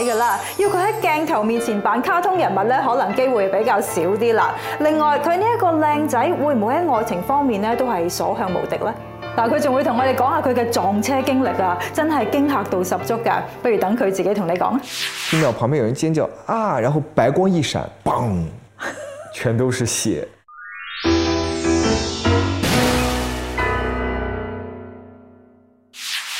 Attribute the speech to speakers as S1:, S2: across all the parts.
S1: 嘅啦，要佢喺鏡頭面前扮卡通人物咧，可能機會比較少啲啦。另外，佢呢一個靚仔會唔會喺愛情方面咧都係所向無敵呢？嗱，佢仲會同我哋講下佢嘅撞車經歷啊，真係驚嚇度十足噶。不如等佢自己同你講。
S2: 聽到旁邊有人尖叫啊！然後白光一閃，嘣，全都是血。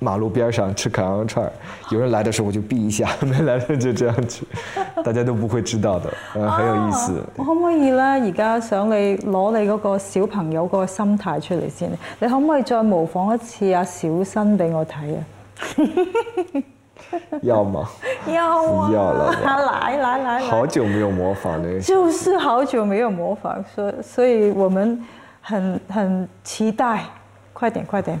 S2: 馬路邊上吃烤羊肉串，有人來的時候我就避一下、啊，沒來的時候就這樣吃，大家都不會知道的， 嗯，很有意思。
S1: 好、啊，我可不可以呢？而家想你攞你嗰個小朋友嗰個心態出嚟先，你可唔可以再模仿一次阿、啊、小新俾我睇啊？要嗎？ 要啊！要啦！他來來來！好
S2: 久沒有模仿嘞。
S1: 就是好久沒有模仿，所以所以我們很很期待，快點快點。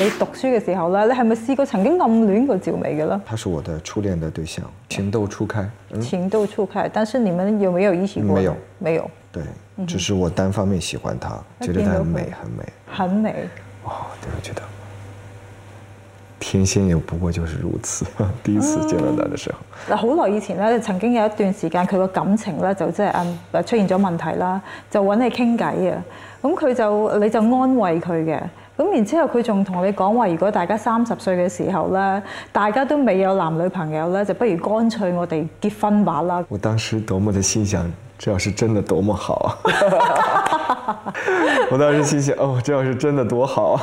S1: 你讀書嘅時候咧，你係咪試過曾經暗戀過趙薇嘅咧？
S2: 他是我的初戀的對象，情竇初開。嗯、情
S1: 竇初開，但是你們有沒有一起過？沒有，沒有。對、嗯，只
S2: 是我單方面喜歡他，覺得他很美，
S1: 很美，很美。
S2: 哦，對，我覺得天仙也不過就是如此。第一次見到他的時候，
S1: 嗱、嗯，好耐以前咧，曾經有一段時間佢嘅感情咧就即係出現咗問題啦，就揾你傾偈啊，咁佢就你就安慰佢嘅。咁然之後，佢仲同你講話，如果大家三十歲嘅時候咧，大家都未有男女朋友咧，就不如乾脆我哋結婚吧啦！
S2: 我當時多麼的心想，這要是真的多麼好啊！ 我當時心想，哦，這要是真的多好啊！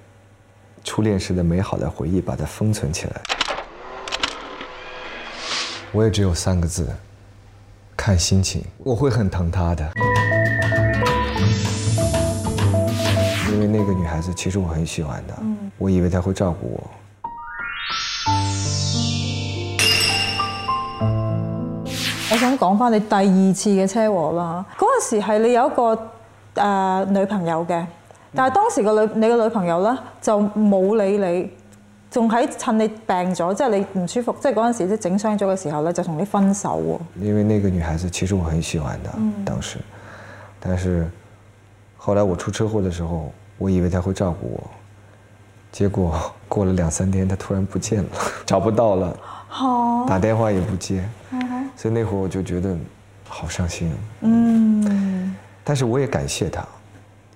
S2: 初戀時的美好的回憶，把它封存起來。我也只有三個字，看心情。我會很疼她的，因為那個女孩子其實我很喜歡她，我以為她會照顧我。
S1: 嗯。我想講翻你第二次嘅車禍啦，嗰陣時係你有一個誒、呃、女朋友嘅。但是當時個女你個女朋友呢，就冇理你，仲喺趁你病咗，即係你唔舒服，即係嗰陣時即整傷咗嘅時候呢，就同你分手喎。
S2: 因為那個女孩子其實我很喜歡她，當時，但是後來我出車禍的時候，我以為她會照顧我，結果過了兩三天，她突然唔見了，找不到了，好，打電話也不接，所以那會我就覺得好傷心。嗯，但是我也感謝她。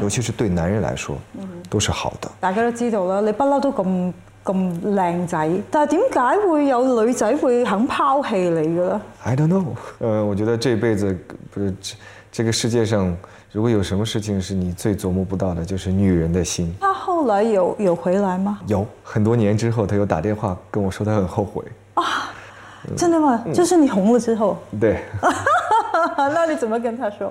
S2: 尤其是對男人來說、嗯，都是好的。
S1: 大家都知道啦，你不嬲都咁咁靚仔，但係點解會有女仔會肯拋棄你嘅呢
S2: ？I don't know。呃，我覺得這輩子，不是，這個世界上，如果有什麼事情是你最琢磨不到的，就是女人的心。
S1: 他後來有有回來嗎？
S2: 有很多年之後，他又打電話跟我，說他很後悔。
S1: 啊，真的嗎？嗯、就是你紅了之後？對。 那你怎麼跟他說？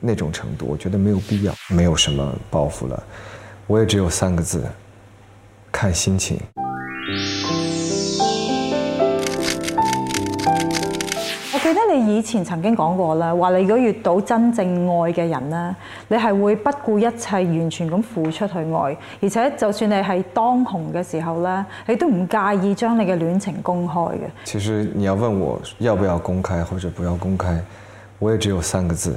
S2: 那種程度，我覺得沒有必要，沒有什麼包袱了。我也只有三個字：看心情。
S1: 我記得你以前曾經講過啦，話你如果遇到真正愛嘅人呢，你係會不顧一切，完全咁付出去愛，而且就算你係當紅嘅時候呢，你都唔介意將你嘅戀情公開嘅。
S2: 其實你要問我要不要公開或者不要公開，我也只有三個字。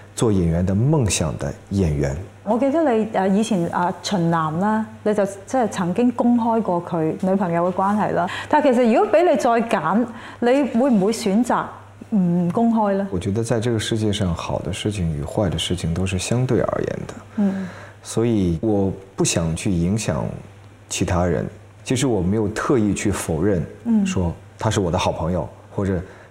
S2: 做演員的夢想的演員。
S1: 我記得你以前誒秦嵐啦，你就即係曾經公開過佢女朋友嘅關係啦。但其實如果俾你再揀，你會唔會選擇唔公開呢？
S2: 我覺得在這個世界上，好的事情與壞的事情都是相對而言的。所以我不想去影響其他人。其實我沒有特意去否認，說說他是我的好朋友或者。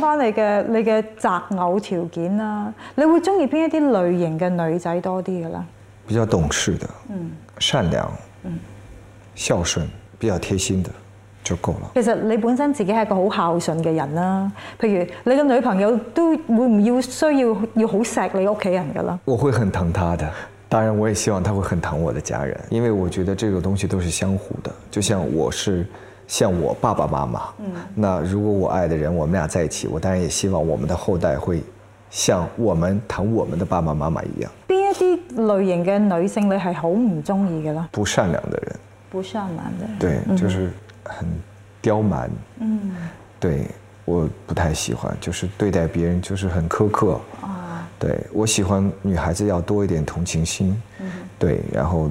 S1: 翻你嘅你嘅擇偶條件啦、啊，你會中意邊一啲類型嘅女仔多啲嘅啦？
S2: 比較懂事的，嗯，善良，嗯，孝順，比較貼心的，就夠了。
S1: 其實你本身自己係一個好孝順嘅人啦、啊，譬如你嘅女朋友都會唔要需要要好錫你屋企人㗎啦。
S2: 我會很疼她的，當然我也希望她會很疼我的家人，因為我覺得這個東西都是相互的，就像我是。像我爸爸媽媽、嗯，那如果我愛的人，我們倆在一起，我當然也希望我們的後代會像我們疼我們的爸爸媽媽一樣。
S1: 邊一啲類型嘅女性，你係好唔中意嘅呢？
S2: 不善良的人。
S1: 不善良的人。對，就是
S2: 很刁蠻。嗯。對，我不太喜歡，就是對待別人，就是很苛刻。
S1: 啊。
S2: 對，我喜歡女孩子要多一點同情心。嗯。對，然後。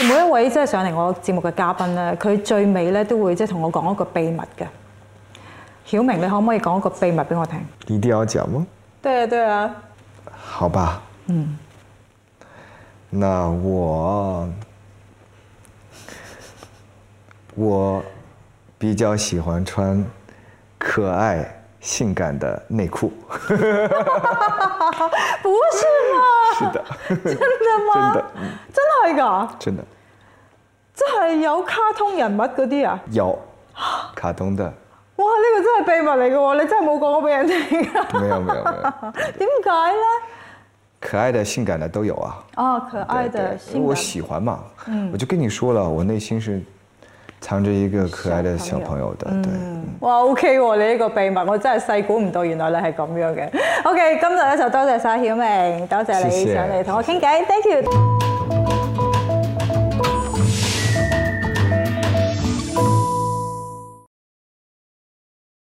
S1: 每一位即係上嚟我節目嘅嘉賓咧，佢最尾咧都會即係同我講一個秘密嘅。曉明，你可唔可以講一個秘密俾我聽？
S2: 你一定要講嗎？
S1: 對啊，對啊。
S2: 好吧。嗯。那我我比較喜歡穿可愛。性感的內褲，
S1: 不是嗎？是的，真的嗎？真的，真的真的真的，真係有卡通人物嗰啲啊？
S2: 有，卡通的。
S1: 哇，呢、這個真係秘密嚟嘅，你真係冇講過俾人聽。啊！沒有沒有 沒有，點解咧？
S2: 可愛的、性感的都有啊。
S1: 啊、哦，可愛的、因為，我喜歡嘛、嗯，我
S2: 就跟你說了，我內心是。藏着一個可愛的小朋友的，嗯、對，
S1: 嗯、哇，OK 喎、啊，你呢個秘密我真係細估唔到，原來你係咁樣嘅。OK，今日咧就多謝沙曉明，多謝你，謝謝，上嚟同我傾偈，Thank you。